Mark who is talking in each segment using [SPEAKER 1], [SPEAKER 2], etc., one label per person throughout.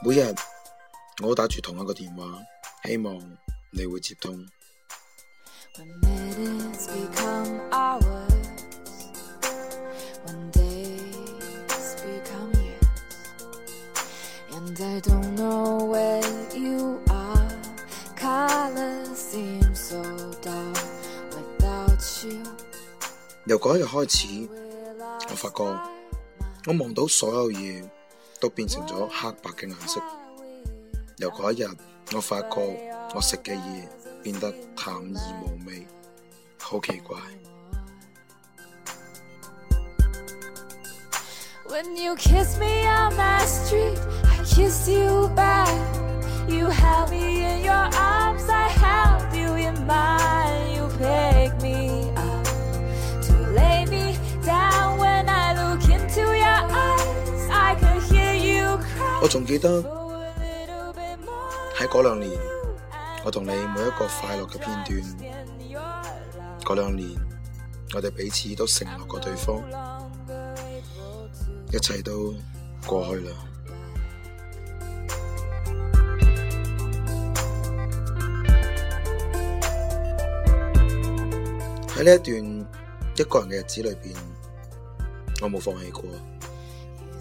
[SPEAKER 1] 每日我都打住同一個電話，希望你會接通。
[SPEAKER 2] When minutes become hours, when days become years, and I don't know where you are, colors seem so dark without you.
[SPEAKER 1] 由嗰日開始，我發覺我望到所有嘢，都變成咗黑白嘅顏色。由嗰一日，我發覺我食嘅嘢變得淡而無味，好奇
[SPEAKER 2] 怪。
[SPEAKER 1] 我仲記得喺嗰兩年，我同你每一個快樂嘅片段。嗰兩年，我哋彼此都承諾過對方，一切都過去啦。喺呢一段一個人嘅日子裏面，我冇放棄過。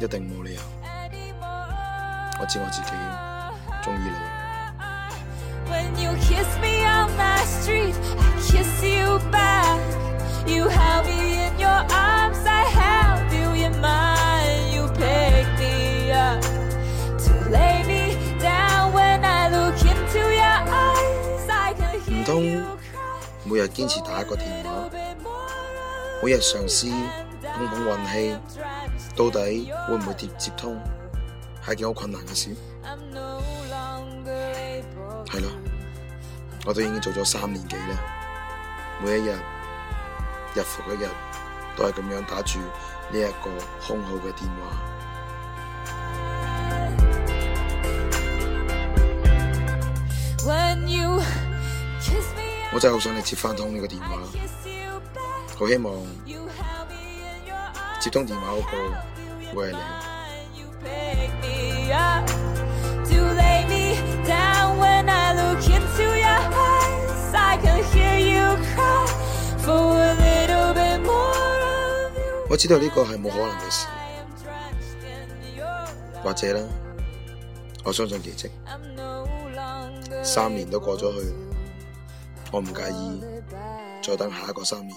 [SPEAKER 1] 一定冇理由，我知我自己中意你。
[SPEAKER 2] 唔通每日堅持打一個電話，
[SPEAKER 1] 每日嘗試碰碰運氣。到底會唔會接接通，係件好困難嘅事。係咯，no，我都已經做咗三年幾啦，每一日日復一日，都係噉樣打住呢一個空號嘅電話。
[SPEAKER 2] When you
[SPEAKER 1] kiss me, 我真係好想你接返通呢個電話，好希望。接通電
[SPEAKER 2] 話嗰個會係你。
[SPEAKER 1] 我知道呢個係冇可能嘅事，或者我相信奇蹟，三年都過咗去，我唔介意再等下一個三年。